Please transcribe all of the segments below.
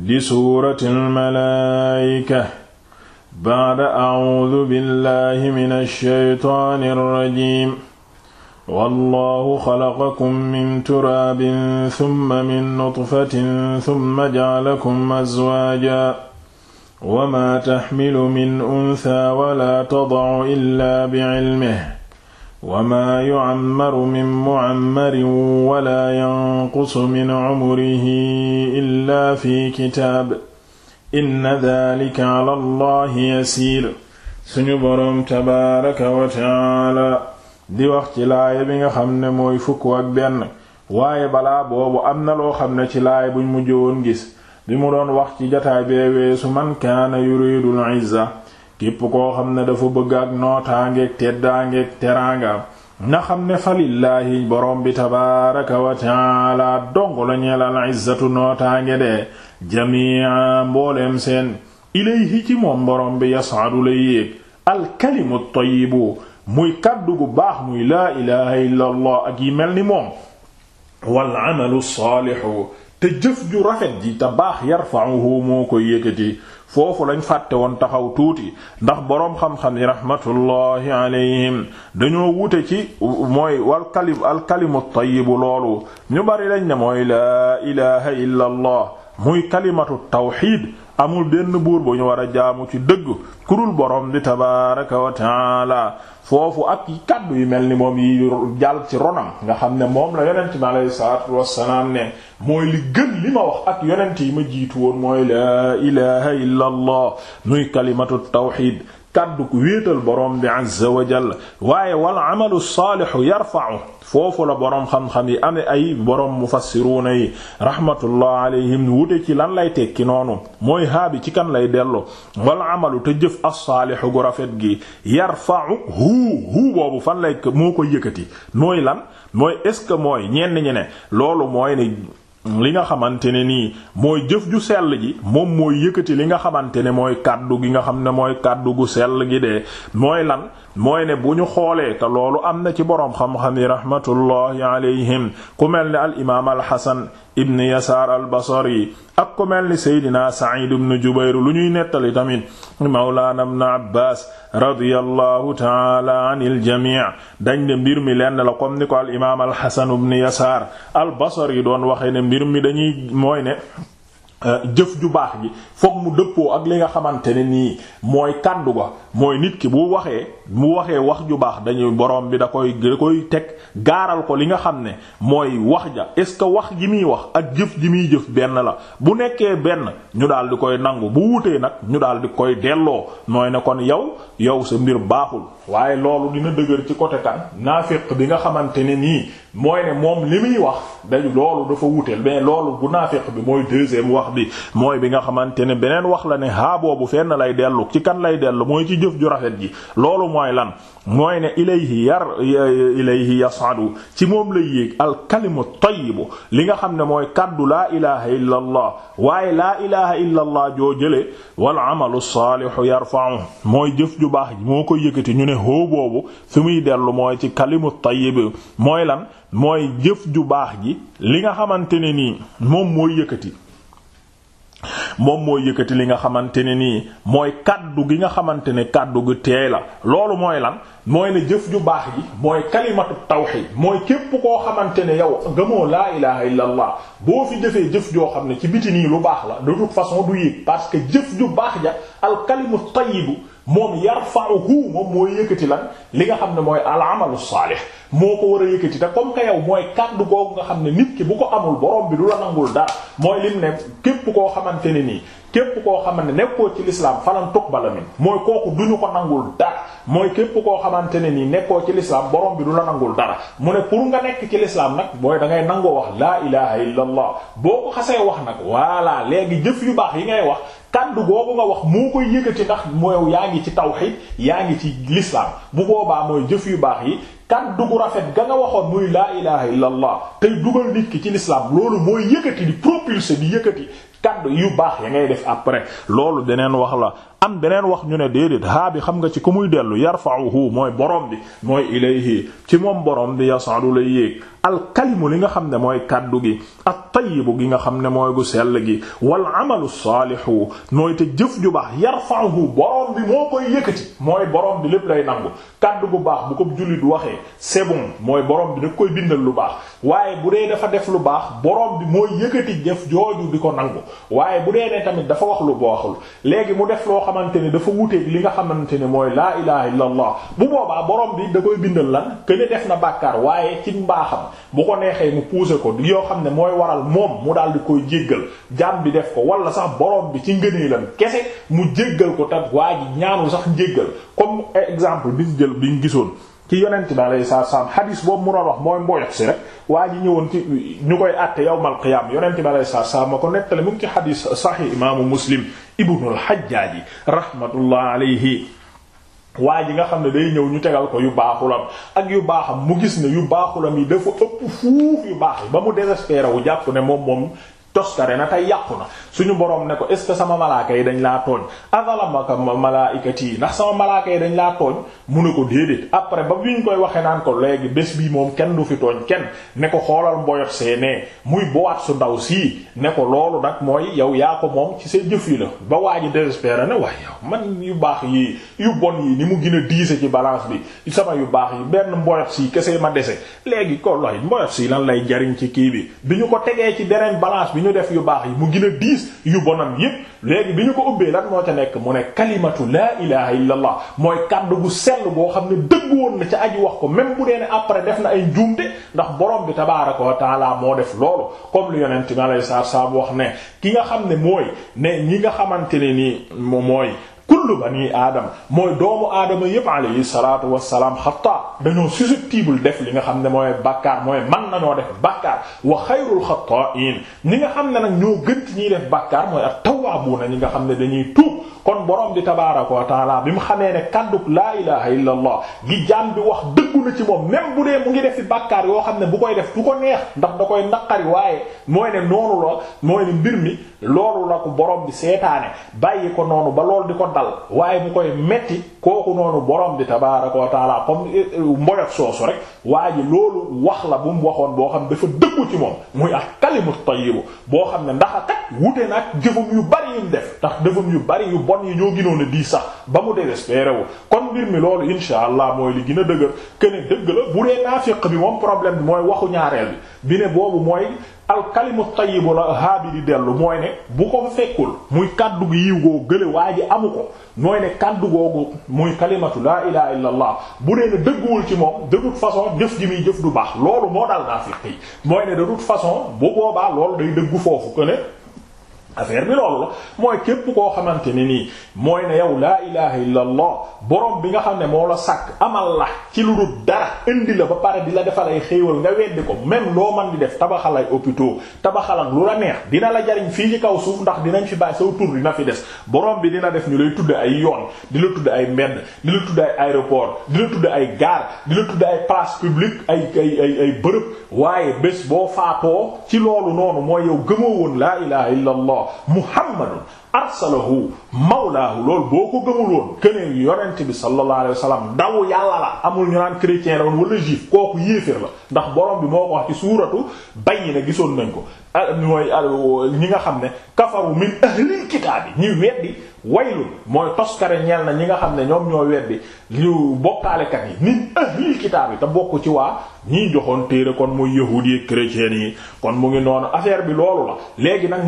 di suurati almalaayika bacda acuudu billahi min alsheytaani alrajim wallahu xalaqakum min turaabin summa min nutfatin summa jacalakum azwaaja wa maa taxmilu min unsa wala tadacu illa bicilmihi wama yucammaru min mucammarin wala yanqusu min cumrihi illa fi kitaab inna dalika cala allahi yasiir suñu boroom tabaaraka wa tacaala di wax ci laaya bi nga xam ne mooy fukk ak benn waaye balaa boobu am na loo xam ne ci laaya buñ mujjwoon gis bi mu doon wax ci jataay bee weesu man kaana yuriidul izza képp koo xam ne dafa bëgg ak nootaangeeg teddaangeeg teraanga na xam ne falillaahi borom bi tabaaraka wa taala dong la ñeel al izzatu nootaange de jamia mbooleem seen ilayhi ci moom borom bi yasaadu la yéeg alkalimu tayyibu muy kàddu gu baax muy laa ilaha illa ak yi mel ni moom wal amalu saalihu te jëf ju rafet ji te baax yarfa'uhu moo koy yëkkati foofu lañ fàtte woon taxaw tuuti ndax borom xam-xam yi rahmatullahi alayhim dañoo wute ci mooy wal kalim al kalimu loolu ñu bari lañ ne mooy laa ilaha illa muy kalimatu tawxiid amul benn buur bu ñu war a jaamu ci dëgg kurul borom bi tabaaraka wa taala foofu ak kaddu yu mel ni moom yi jàll ci ronam nga xam ne moom la yonent mi alayhi salaatu wassalaam ne mooy li gën li ma wax ak yonent yi ma jiitu woon mooy laa ilaha illa nuy kalimatu tawxiid kàddu wéetal boroom bi azza wa jalla waaye wal amalu saalihu yarfa'u foofu la boroom xam-xam yi amee ay boroom mufassiruuna yi rahmatullah alayhim wute ci lan lay tekki noonu mooy haabi ci kan lay dello wal amalu te jëf as-saalihu gu rafet gi yarfa'u huu huu boobu fan lay moo ko yëkkati mooy lan mooy est ce que mooy ñenn ñi ne loolu mooy ne li nga xamante ne nii mooy jëf ju sell ji moom mooy yëkkati li nga xamante ne mooy kàddu gi nga xam ne mooy kàddu gu sell gi de mooy lan mooy ne bu ñu xoolee te loolu am na ci boroom xam-xam yi rahmatullahi alayhim ku mel ne al imaam al hasan ibn yasaar al yi ku mel ni seydina Sa'id lu ñuy nettali tamit mawlaana ibn Abbaas radiyallahu taala anil jamii dañ ne mi lenn la comme al imaam al Hasan ibn Yasaar al Basri doon waxe ne mbir mi dañuy mooy Euh, jëf ju baax ji fokk mu dëppoo ak li nga xamante ne nii mooy kàddu ga mooy nit ki bu waxee mu waxee wax ju baax dañuy borom bi da koy da koy teg gaaral ko li nga xam ne mooy wax ja est-ce que wax ji muy wax ak jëf ji muy jëf benn la bu nekkee benn ñu daal di koy nangu bu wutee nag ñu daal di koy delloo nooy ne kon yow yow sa mbir baaxul waaye loolu dina dëgër ci côté kan bi nga xamante ne nii mooy ne moom li muy wax dañu loolu dafa wuteel mais loolu bu naafiq bi mooy deuxième wax bi mooy bi nga xamante ne beneen wax la ne haa boobu fenn lay dellu ci kan lay dellu mooy ci jëf ju rafet ji loolu mooy lan mooy ne ilayhi yar ilayhi yas'adu ci moom lay yéeg alkalimu tayyibu li nga xam ne mooy kaddu la ilaha illa allah waaye laa ilaha illa joo jële wal amalu saalihu yarfa'u mooy jëf ju baax ji moo koy yëkkati ñu ne hoo boobu fi muy dellu mooy ci kalimu tayyibu mooy lan mooy jëf ju baax ji li nga xamante ne nii moom mooy yëkkati moom mooy yëkkati li nga xamante ne nii mooy kàddu gi nga xamante ne kàddu gu teey la loolu mooy lan mooy ne jëf ju baax ji mooy kalimatu tawhid mooy képp koo xamante ne yow gëmoo laa ilaha illa boo fi jëfee jëf joo xam ne ci biti nii lu baax la de toute façon du yéeg parce que jëf ju baax ja al kalimu tayyibu moom yarfa'uhu moom mooy yëkkati lan li nga xam ne mooy al-amalu saalih moo ko war a yëkkati te comme que yow mooy kàddu googu nga xam ne nit ki bu ko amul borom bi du la nangul dara mooy lim ne képp koo xamante ne nii képp koo xamante ne nekkoo ci l'islam falan tuqbala min mooy kooku duñu ko nangul dara mooy képp koo xamante ne nii nekkoo ci l'islam borom bi du la nangul dara mu ne pour nga nekk ci l'islam nag mooy dangay ngay nangoo wax laa ilaha illa boo ko xasee wax nag voilà léegi jëf yu baax yi ngay wax kàddu googu nga wax moo koy yëkkati ndax mooy yaa ngi ci tawhid yaa ngi ci lislaam bu boobaa mooy jëf yu baax yi kàddu gu rafet ga nga waxoon muy laa ilaha illa allah tey dugal nit ki ci lislaam loolu mooy yëkkati di propulser di yëkkati kàddu yu baax ya ngay def après loolu deneen wax la am beneen wax ñu ne déedéet haa bi xam nga ci ku muy dellu yarfa'uhu mooy boroom bi mooy ilayhi ci moom boroom bi yas'adu lay yéeg alkalimu li nga xam ne mooy kàddu gi ak tayyibu gi nga xam ne mooy gu sell gi wal amalu saalihu nooy te jëf ju baax yarfa'uhu borom bi moo mooy borom bi lépp lay nangu kaddu bu baax bu ko jullit waxee c'est mooy borom bi da koy bindal lu baax waaye bu dee dafa def lu baax boroom bi mooy yëkkati jëf jooju di ko nangu waaye bu dee ne tamit dafa wax lu baaxul léegi mu def loo xamante ne dafa wuteeg li nga xamante ne mooy laa ilaha illa allah bu boobaa borom bi da koy bindal lan këne def na bàkkaar waaye ci mbaaxam bu ko neexee mu pousser ko di yoo xam ne mooy waral moom mu daal di koy jéggal jaam bi def ko wala sax boroom bi ci lan kese mu jéggal ko tam waa ji ñaanul sax njéggal comme exemple biñ jël biñ gisoon ci yonent bi alayhi salaatu salaam xadiis boobu mu doon wax mooy mboyox si rek waa ji ñëwoon ci ñu koy àtte yawmal qiyaam yonent bi alayhi saa salaam ma ko nettali mu ngi ci xadiis saxiix imaamu muslim ibnul xajjaaji rahmatullah alayhi waa ji nga xam ne day ñëw ñu tegal ko yu baaxulam ak yu baaxam mu gis ne yu baaxulam yi dafa ëpp fuuf yu baax yi ba mu désespéré wu jàpp ne moom moom toskare na tey yàqu na suñu borom ne ko est ce que sama malaaka yi dañ laa tooñ azalamaka malaikati ndax sama malaaka yi dañ laa tooñ mu ne ko déedéet après bi ñu moom kenn du fi tooñ kenn ne ko xoolal mboyot seenee muy bowaat su ndaw sii ne loolu nag mooy yow yaa ko moom ci sa jëf la ba waa ji désespéré ne waaye yow man yu baax yi yu bon yi mu gën a diise ci balance bi sama yu baax yi benn mboyot sii kese ma dese léegi ko lay mboyot sii lay jariñ ci kii ñu ko tegee ci beneen balance bi ñu def yu baax yi mu gën a diis yu bonam yépp léegi bi ñu ko ubbee lan moo ca nekk mu ne kalimatu laa ilaha illa allah mooy kàddu gu sell boo xam ne dëgg woon na ca aj wax ko même bu dee ne après def na ay njuumte ndax borom bi tabaaraka wa taala moo def loolu comme lu yonent mi alayhi salaatu wa salaam wax ne ki nga xam ne mooy ne ñi nga xamante ne nii mooy kullu bani aadama mooy doomu aadama yépp alayhi salaatu wassalaam xataa dañoo susceptible def li nga xam ne mooy bàkkaar mooy man nañoo def bàkkaar wa xayrul xataa'iin ñi nga xam ne nag ñoo gën ci ñiy def bàkkaar mooy at-tawwaabuuna ñi nga xam ne dañuy tuub kon boroom di tabaaraka wa taala bi mu xamee ne kàdduk laa ilaha illa allah gi jaam bi wax dëggu na ci moom même bu dee mu ngi def fi bakkaar yoo xam ne bu koy def du ko neex ndax da koy naqari waaye mooy ne noonu la mooy ne mbir mi loolu la ko boroom bi seetaane bàyyi ko noonu ba loolu di ko dal dal waaye bu koy metti kooku noonu borom bi tabaaraka wa taala comme eh, eh, mboyot soosu rek waa ji loolu wax la bu mu waxoon boo xam dafa dëggu ci moom muy ak kalimu tayyibu boo xam ne ndax kat wute nag ak yu bari yu mu def ndax jëfum yu bari yu bon yi ñoo ginoon a di sax ba mu kon mbir mi loolu insha allah mooy li gën a dëgër kene dëgg la bu dee naafiq bi moom problème bi mooy waxu ñaareel bi bi ne boobu mooy al kalimu tayyibu la haabi yi dellu mooy ne bu ko fekkul muy kàddu gi yiw goo gële waa ji amu ko mooy ne kàddu googu muy kalimatu laa ilaha illa allah bu nee ne dëgguwul ci moom de façon jëf ji muy jëf du baax loolu moo daal naafiq yi mooy ne de façon bu boobaa lool day dëggu foofu que ne affaire bi loolu la mooy képp koo xamante ne nii mooy ne yow laa ilaha illa allah borom bi nga xam ne moo la sàkk amal la ci lu dul dara indi la ba pare di la defal ay xéewal nga weddi ko même loo man di def tabaxal ay hôpitaux tabaxal lu la neex dina la jariñ fii ci kaw suuf ndax dinañ fi bàyyi saw tur dina fi des borom bi dina def ñu lay tudd ay yoon dina tudd ay mbedd di tudd ay aéroport di tudd ay gare di tudd ay place publique ay ay ay ay bërëb waaye bés boo faatoo ci loolu noonu mooy yow gëmoo woon laa ilaha muhammadun arsalahu mawlaahu loolu boo ko gëmul woon keneen yonent bi sallallahu alayhi wa sallam yàlla la amul ñu naan chrétien la woon wala juif kooku yéeféer la ndax borom bi moo ko wax ci suuratu Bayyina gisoon nañ ko mooy ñi nga xam ne kafaru min ahlil kitaab yi ñuy weddi waylul mooy toskare ñeel na ñi nga xam ne ñoom ñoo weddi ñu bokkaalekat yi min ahlil kitaab yi te bokk ci waa ñii joxoon téere kon muy yahuudi chrétien yi kon mu ngi noonu affaire bi loolu la léegi nag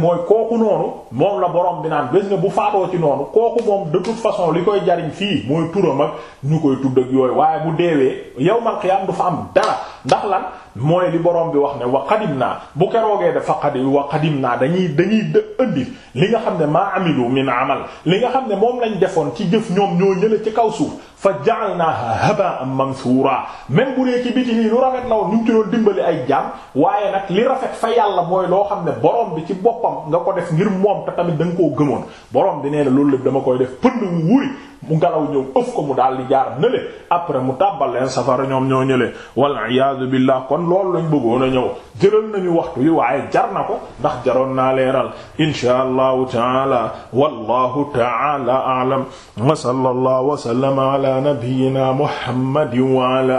naan gis nga bu faatoo ci noonu kooku moom de toute façon li koy jariñ fii mooy turam ak ñu koy tudd ak yooyu waaye bu deewee yawmal qiyaam du fa am dara ndax lan mooy li boroom bi wax ne wax qadim naa bu keroogee dafa qadim wa qadim naa dañuy dañuy ëndi li nga xam ne maa amilu min amal li nga xam ne moom lañ defoon ci jëf ñoom ñoo ñële ci kaw suuf fa naa ja'alnaaha haba'an mansuura même bu dee ci biti nii lu rafet la woon ñu ngi ci doon dimbali ay jaam waaye nag li rafet fa yàlla mooy loo xam ne borom bi ci boppam nga ko def ngir moom te tamit da koo gëmoon borom bi nee na loolu lépp dama koy def pënd wu wuri mu ngelaw ñëw ëf ko mu daal di jaar nële après mu tàbbal leen safara ñoom ñoo ñële wal iyaadu billah kon loolu lañ bëggoon a ñëw jëral nañu waxtu wi waaye jar na ko ndax jaroon naa leeral insha allahu taala wallahu taala a'lam wa sallallahu wa sallama ala nabiyyina muhammadin wa ala